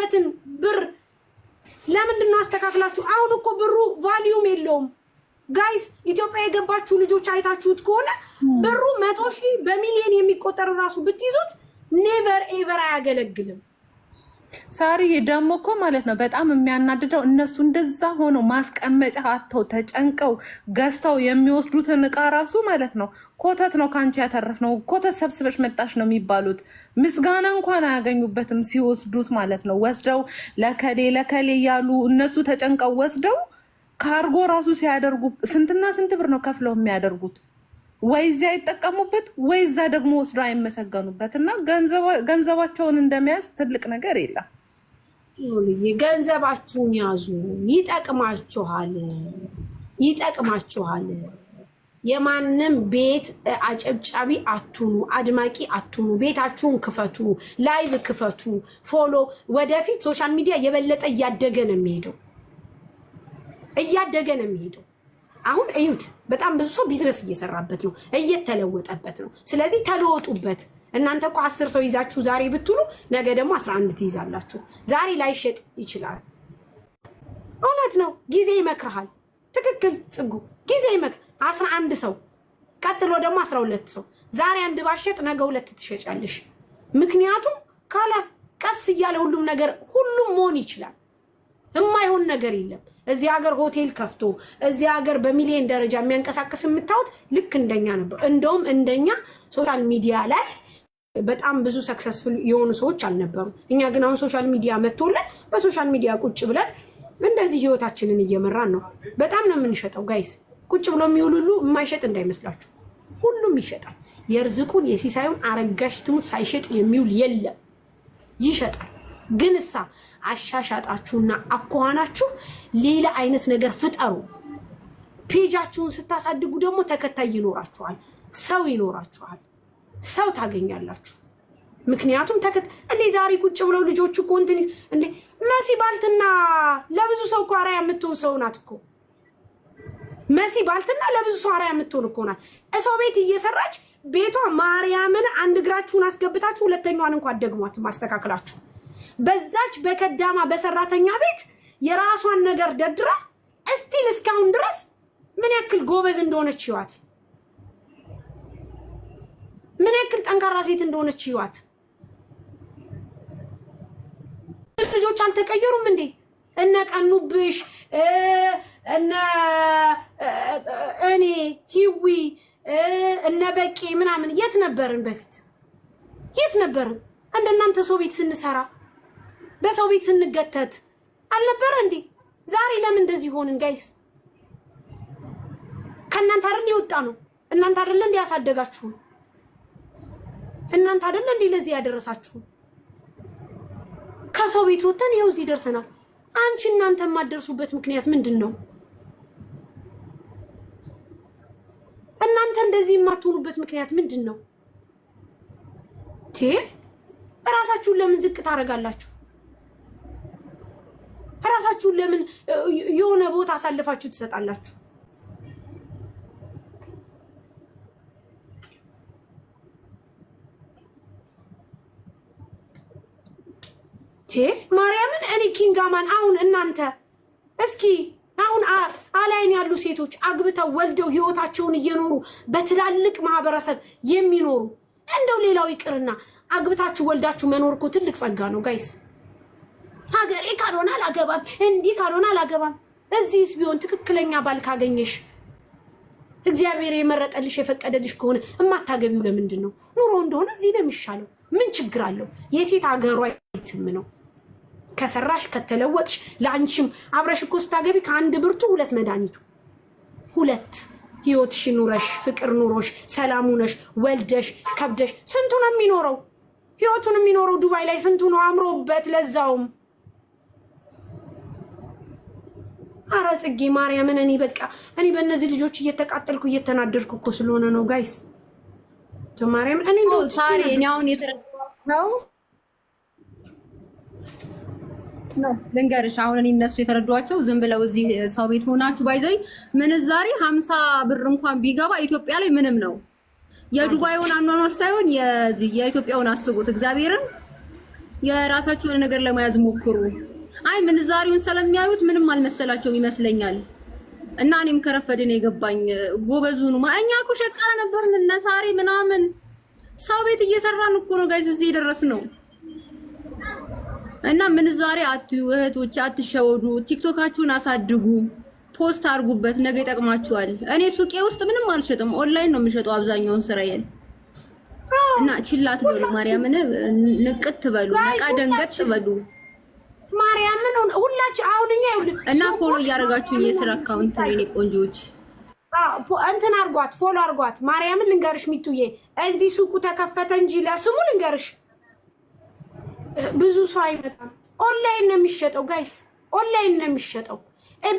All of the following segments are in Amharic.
ያለበትን ብር ለምንድን ነው አስተካክላችሁ? አሁን እኮ ብሩ ቫሊዩም የለውም ጋይስ። ኢትዮጵያ የገባችሁ ልጆች አይታችሁት ከሆነ ብሩ መቶ ሺህ በሚሊዮን የሚቆጠር ራሱ ብትይዙት ኔቨር ኤቨር አያገለግልም። ሳሪዬ ደግሞ እኮ ማለት ነው በጣም የሚያናድደው እነሱ እንደዛ ሆነው ማስቀመጫ አጥተው ተጨንቀው ገዝተው የሚወስዱትን እቃ ራሱ ማለት ነው ኮተት ነው ከአንቺ ያተረፍነው ኮተት ሰብስበሽ መጣሽ ነው የሚባሉት። ምስጋና እንኳን አያገኙበትም ሲወስዱት ማለት ነው። ወስደው ለከሌ ለከሌ እያሉ እነሱ ተጨንቀው ወስደው ካርጎ ራሱ ሲያደርጉ ስንትና ስንት ብር ነው ከፍለው የሚያደርጉት? ወይ እዚያ ይጠቀሙበት ወይ እዛ ደግሞ ወስዶ አይመሰገኑበት እና ገንዘባቸውን እንደመያዝ ትልቅ ነገር የለም። ገንዘባችሁን ያዙ፣ ይጠቅማችኋል፣ ይጠቅማችኋል። የማንም ቤት አጨብጫቢ አትኑ፣ አድማቂ አትኑ። ቤታችሁን ክፈቱ፣ ላይቭ ክፈቱ፣ ፎሎ። ወደፊት ሶሻል ሚዲያ የበለጠ እያደገ ነው የሚሄደው፣ እያደገ ነው የሚሄደው። አሁን እዩት። በጣም ብዙ ሰው ቢዝነስ እየሰራበት ነው፣ እየተለወጠበት ነው። ስለዚህ ተለወጡበት። እናንተ እኮ አስር ሰው ይዛችሁ ዛሬ ብትሉ ነገ ደግሞ አስራ አንድ ትይዛላችሁ። ዛሬ ላይሸጥ ይችላል። እውነት ነው። ጊዜ ይመክርሃል። ትክክል ጽጉ። ጊዜ ይመክ አስራ አንድ ሰው ቀጥሎ ደግሞ አስራ ሁለት ሰው ዛሬ አንድ ባሸጥ ነገ ሁለት ትሸጫለሽ። ምክንያቱም ካላስ ቀስ እያለ ሁሉም ነገር ሁሉም መሆን ይችላል። የማይሆን ነገር የለም። እዚህ ሀገር ሆቴል ከፍቶ እዚህ ሀገር በሚሊዮን ደረጃ የሚያንቀሳቅስ የምታዩት ልክ እንደኛ ነበር። እንደውም እንደኛ ሶሻል ሚዲያ ላይ በጣም ብዙ ሰክሰስፉል የሆኑ ሰዎች አልነበሩም። እኛ ግን አሁን ሶሻል ሚዲያ መጥቶልን በሶሻል ሚዲያ ቁጭ ብለን እንደዚህ ህይወታችንን እየመራን ነው። በጣም ነው የምንሸጠው ጋይስ። ቁጭ ብሎ የሚውል ሁሉ የማይሸጥ እንዳይመስላችሁ፣ ሁሉም ይሸጣል። የእርዝቁን የሲሳዩን አረጋሽ ትሙት ሳይሸጥ የሚውል የለም፣ ይሸጣል። ግን እሳ አሻሻጣችሁና አኳኋናችሁ ሌላ አይነት ነገር ፍጠሩ። ፔጃችሁን ስታሳድጉ ደግሞ ተከታይ ይኖራችኋል፣ ሰው ይኖራችኋል፣ ሰው ታገኛላችሁ። ምክንያቱም ተከት እንዴ ዛሬ ቁጭ ብለው ልጆቹ እኮ እንትን እንዴ መሲ ባልትና ለብዙ ሰው እኮ አርአያ የምትሆን ሰው ናት እኮ መሲ ባልትና ለብዙ ሰው አርአያ የምትሆን እኮ ናት። እሰው ቤት እየሰራች ቤቷ ማርያምን አንድ እግራችሁን አስገብታችሁ ሁለተኛዋን እንኳን ደግሟት ማስተካከላችሁ በዛች በከዳማ በሰራተኛ ቤት የራሷን ነገር ደርድራ እስቲል እስካሁን ድረስ ምን ያክል ጎበዝ እንደሆነች ይዋት? ምን ያክል ጠንካራ ሴት እንደሆነች ይዋት? ልጆች አልተቀየሩም እንዴ? እነ ቀኑብሽ እነ እኔ ሂዊ እነ በቄ ምናምን የት ነበርን? በፊት የት ነበርን? እንደናንተ ሰው ቤት ስንሰራ በሰው ቤት ስንገተት አልነበረ እንዴ? ዛሬ ለምን እንደዚህ ሆንን? ጋይስ ከእናንተ አይደል የወጣ ነው? እናንተ አይደል እንዴ ያሳደጋችሁ? እናንተ አይደል እንዴ ለዚህ ያደረሳችሁ? ከሰው ቤት ወጥተን ይኸው እዚህ ደርሰናል። አንቺ እናንተ የማደርሱበት ምክንያት ምንድን ነው? እናንተ እንደዚህ የማትሆኑበት ምክንያት ምንድን ነው? ቴ እራሳችሁን ለምን ዝቅ ታደርጋላችሁ? ራሳችሁን ለምን የሆነ ቦታ አሳልፋችሁ ትሰጣላችሁ? ቴ ማርያምን እኔ ኪንጋማን አሁን እናንተ እስኪ አሁን አላይን ያሉ ሴቶች አግብተው ወልደው ህይወታቸውን እየኖሩ በትላልቅ ማህበረሰብ የሚኖሩ እንደው ሌላው ይቅርና አግብታችሁ ወልዳችሁ መኖር እኮ ትልቅ ጸጋ ነው ጋይስ። ሀገሬ ካልሆነ አላገባም፣ እንዲህ ካልሆነ አላገባም። እዚህስ ቢሆን ትክክለኛ ባል ካገኘሽ እግዚአብሔር የመረጠልሽ የፈቀደልሽ ከሆነ እማታገቢው ለምንድን ነው? ኑሮ እንደሆነ እዚህ ነው የሚሻለው። ምን ችግር አለው? የሴት ሀገሯ የትም ነው። ከሰራሽ ከተለወጥሽ፣ ለአንቺም አብረሽ እኮ ስታገቢ ከአንድ ብርቱ ሁለት መድኃኒቱ ሁለት ህይወትሽ ኑረሽ ፍቅር ኑሮሽ ሰላሙ ነሽ ወልደሽ ከብደሽ ስንቱ ነው የሚኖረው? ህይወቱን የሚኖረው ዱባይ ላይ ስንቱ ነው አምሮበት ለዛውም አረ ጽጌ ማርያምን እኔ በቃ እኔ በእነዚህ ልጆች እየተቃጠልኩ እየተናደድኩ እኮ ስለሆነ ነው ጋይስ። ማርያም እኔ ሳሪ እኔ አሁን ነው ልንገርሽ አሁን እኔ እነሱ የተረዷቸው ዝም ብለው እዚህ ሰው ቤት ሆናችሁ ባይዘይ ምንዛሬ ሀምሳ ብር እንኳን ቢገባ ኢትዮጵያ ላይ ምንም ነው። የዱባይውን አኗኗር ሳይሆን የዚህ የኢትዮጵያውን አስቡት። እግዚአብሔርን የራሳችሁን ነገር ለመያዝ ሞክሩ። አይ ምንዛሬውን ስለሚያዩት ምንም አልመሰላቸውም ይመስለኛል። እና እኔም ከረፈድን የገባኝ ጎበዙኑ እኛ እኮ ሸቃላ ነበርን እነ ሳሬ ምናምን ሰው ቤት እየሰራን እኮ ነው ጋይስ እዚህ የደረስ ነው። እና ምንዛሬ አትዩ እህቶች፣ አትሸወዱ። ቲክቶካችሁን አሳድጉ፣ ፖስት አድርጉበት፣ ነገ ይጠቅማችኋል። እኔ ሱቄ ውስጥ ምንም አልሸጥም፣ ኦንላይን ነው የምሸጠው አብዛኛውን ስራዬን። እና ችላት በሉ ማርያምን፣ ንቅት በሉ፣ ነቃ ደንገጥ በሉ። ማርያምን ሁላችሁ አሁን እኛ እና ፎሎ እያደረጋችሁኝ የስራ አካውንት ኔ ቆንጆች እንትን አርጓት ፎሎ አርጓት። ማርያምን ልንገርሽ ሚቱዬ እዚህ ሱቁ ተከፈተ እንጂ ለስሙ ልንገርሽ ብዙ ሰው አይመጣም። ኦንላይን ነው የሚሸጠው ጋይስ፣ ኦንላይን ነው የሚሸጠው።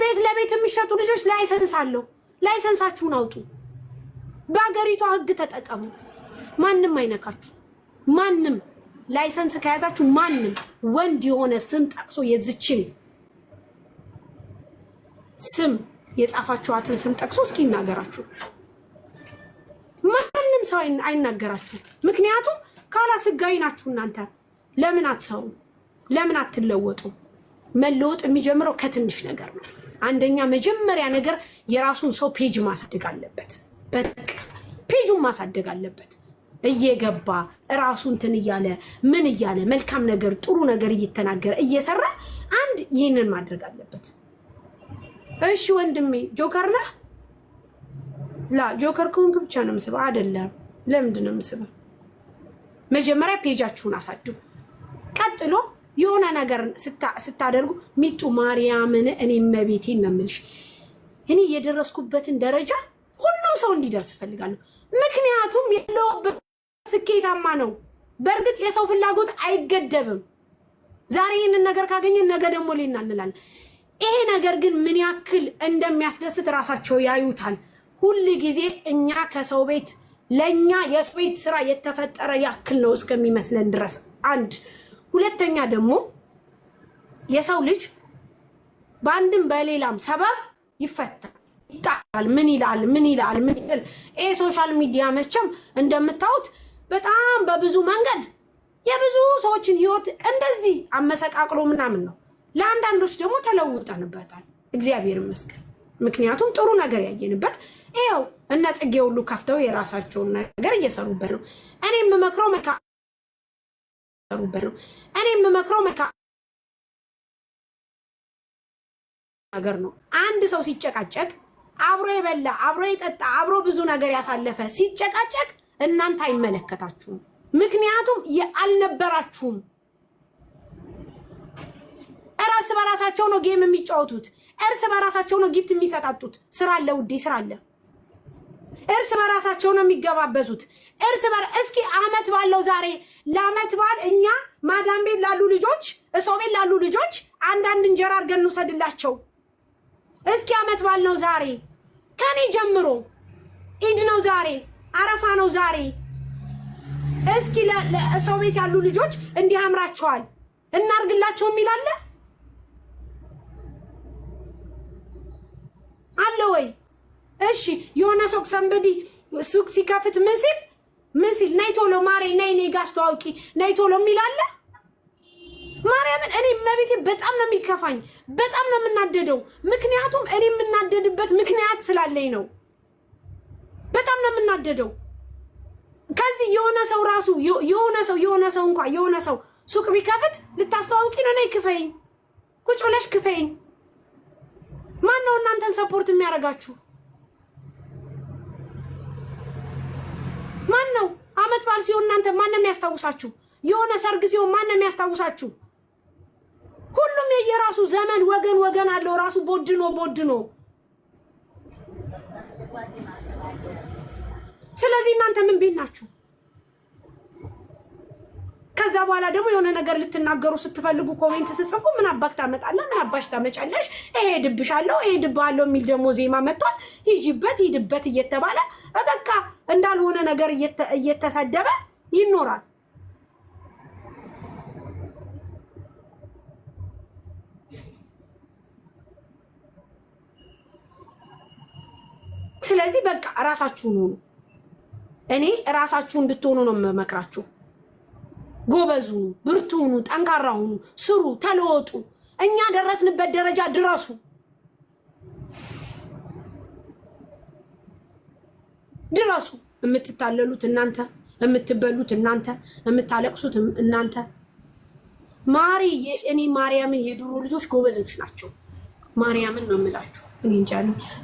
ቤት ለቤት የሚሸጡ ልጆች ላይሰንስ አለው። ላይሰንሳችሁን አውጡ። በሀገሪቷ ህግ ተጠቀሙ። ማንም አይነካችሁ ማንም ላይሰንስ ከያዛችሁ ማንም ወንድ የሆነ ስም ጠቅሶ የዝችን ስም የጻፋችኋትን ስም ጠቅሶ እስኪ ይናገራችሁ። ማንም ሰው አይናገራችሁ። ምክንያቱም ካላስ ህጋዊ ናችሁ እናንተ። ለምን አትሰሩ? ለምን አትለወጡ? መለወጥ የሚጀምረው ከትንሽ ነገር ነው። አንደኛ መጀመሪያ ነገር የራሱን ሰው ፔጅ ማሳደግ አለበት። በቃ ፔጁን ማሳደግ አለበት። እየገባ እራሱ እንትን እያለ ምን እያለ መልካም ነገር ጥሩ ነገር እየተናገረ እየሰራ አንድ ይህንን ማድረግ አለበት። እሺ ወንድሜ ጆከር ነህ? ላ ጆከር ከሆንክ ብቻ ነው የምስበው። አይደለም ለምንድን ነው የምስበው? መጀመሪያ ፔጃችሁን አሳድጉ። ቀጥሎ የሆነ ነገር ስታደርጉ ሚጡ ማርያምን እኔ መቤቴ ነው እኔ የደረስኩበትን ደረጃ ሁሉም ሰው እንዲደርስ እፈልጋለሁ። ምክንያቱም የለውበት ስኬታማ ነው። በእርግጥ የሰው ፍላጎት አይገደብም። ዛሬ ይህንን ነገር ካገኘን ነገ ደግሞ ሌና እንላለን። ይሄ ነገር ግን ምን ያክል እንደሚያስደስት ራሳቸው ያዩታል። ሁል ጊዜ እኛ ከሰው ቤት ለእኛ የሰው ቤት ስራ የተፈጠረ ያክል ነው እስከሚመስለን ድረስ አንድ። ሁለተኛ ደግሞ የሰው ልጅ በአንድም በሌላም ሰበብ ይፈታል፣ ይጣላል። ምን ይላል ምን ይላል ምን ይላል። ይሄ ሶሻል ሚዲያ መቼም እንደምታዩት በጣም በብዙ መንገድ የብዙ ሰዎችን ህይወት እንደዚህ አመሰቃቅሎ ምናምን ነው። ለአንዳንዶች ደግሞ ተለውጠንበታል፣ እግዚአብሔር ይመስገን። ምክንያቱም ጥሩ ነገር ያየንበት ይኸው እነ ጽጌ ሁሉ ከፍተው የራሳቸውን ነገር እየሰሩበት ነው። እኔ የምመክረው መካ ነው እኔ የምመክረው መካ ነገር ነው። አንድ ሰው ሲጨቃጨቅ አብሮ የበላ አብሮ የጠጣ አብሮ ብዙ ነገር ያሳለፈ ሲጨቃጨቅ እናንተ አይመለከታችሁም። ምክንያቱም አልነበራችሁም። እርስ በራሳቸው ነው ጌም የሚጫወቱት። እርስ በራሳቸው ነው ጊፍት የሚሰጣጡት። ስራ አለ ውዴ፣ ስራ አለ። እርስ በራሳቸው ነው የሚገባበዙት። እርስ እስኪ አመት ባለው ዛሬ ለአመት በዓል እኛ ማዳም ቤት ላሉ ልጆች፣ እሰው ቤት ላሉ ልጆች አንዳንድ እንጀራ አድርገን እንውሰድላቸው። እስኪ አመት ባል ነው ዛሬ ከኔ ጀምሮ ኢድ ነው ዛሬ አረፋ ነው ዛሬ። እስኪ ሰው ቤት ያሉ ልጆች እንዲህ አምራቸዋል እናርግላቸው የሚላለ አለ ወይ? እሺ የሆነ ሰው ሰንበዲ ሱቅ ሲከፍት ምን ሲል ምን ሲል ነይ ቶሎ ማሬ ነይ ነይ ጋ አስተዋውቂ ነይ ቶሎ የሚላለ ማርያምን እኔ መቤቴ በጣም ነው የሚከፋኝ፣ በጣም ነው የምናደደው። ምክንያቱም እኔ የምናደድበት ምክንያት ስላለኝ ነው። በጣም ነው የምናደደው። ከዚህ የሆነ ሰው ራሱ የሆነ ሰው የሆነ ሰው እንኳ የሆነ ሰው ሱቅ ቢከፍት ልታስተዋውቂ ነው? ነይ ክፈይኝ፣ ቁጭ ብለሽ ክፈይኝ። ማን ነው እናንተን ሰፖርት የሚያደርጋችሁ? ማን ነው አመት በዓል ሲሆን እናንተ ማን ነው የሚያስታውሳችሁ? የሆነ ሰርግ ሲሆን ማን ነው የሚያስታውሳችሁ? ሁሉም የየራሱ ዘመን ወገን ወገን አለው ራሱ ቦድኖ ቦድኖ ስለዚህ እናንተ ምን ቤት ናችሁ? ከዛ በኋላ ደግሞ የሆነ ነገር ልትናገሩ ስትፈልጉ ኮሜንት ስጽፉ ምን አባክ ታመጣለ፣ ምን አባሽ ታመጫለሽ፣ ይሄ ድብሻለሁ፣ ይሄ አለው የሚል ደግሞ ዜማ መጥቷል። ሂጂበት ሂድበት እየተባለ በቃ እንዳልሆነ ነገር እየተሰደበ ይኖራል። ስለዚህ በቃ እራሳችሁን ሆኑ። እኔ እራሳችሁ እንድትሆኑ ነው የምመክራችሁ። ጎበዝ ሁኑ፣ ብርቱ ሁኑ፣ ጠንካራ ሁኑ፣ ስሩ፣ ተለወጡ። እኛ ደረስንበት ደረጃ ድረሱ። ድረሱ። የምትታለሉት እናንተ፣ የምትበሉት እናንተ፣ የምታለቅሱት እናንተ። ማሪ እኔ ማርያምን የድሮ ልጆች ጎበዞች ናቸው። ማርያምን ነው የምላችሁ። እኔ እንጃ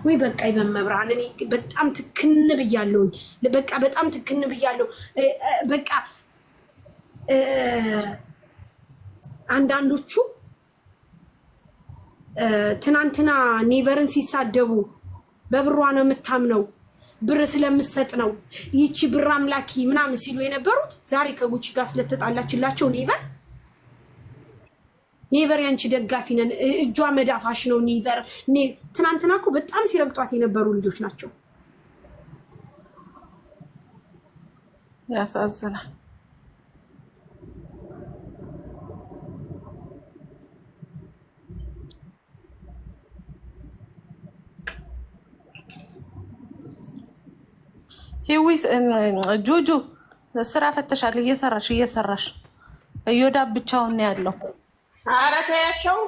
ወይ በቃ ይበን እኔ በጣም ትክን ብያለሁኝ። በቃ በጣም ትክን ብያለሁ። በቃ አንዳንዶቹ ትናንትና ኔቨርን ሲሳደቡ በብሯ ነው የምታምነው ብር ስለምሰጥ ነው ይቺ ብር አምላኪ ምናምን ሲሉ የነበሩት ዛሬ ከጉቺ ጋር ስለተጣላችላቸው ኔቨር ኔቨር ያንቺ ደጋፊ ነን፣ እጇ መዳፋሽ ነው ኔቨር። ትናንትና እኮ በጣም ሲረግጧት የነበሩ ልጆች ናቸው። ያሳዝናል። ጆጆ ስራ ፈተሻል። እየሰራሽ እየሰራሽ እዮዳ ብቻውን ያለው ኧረ ተያቸው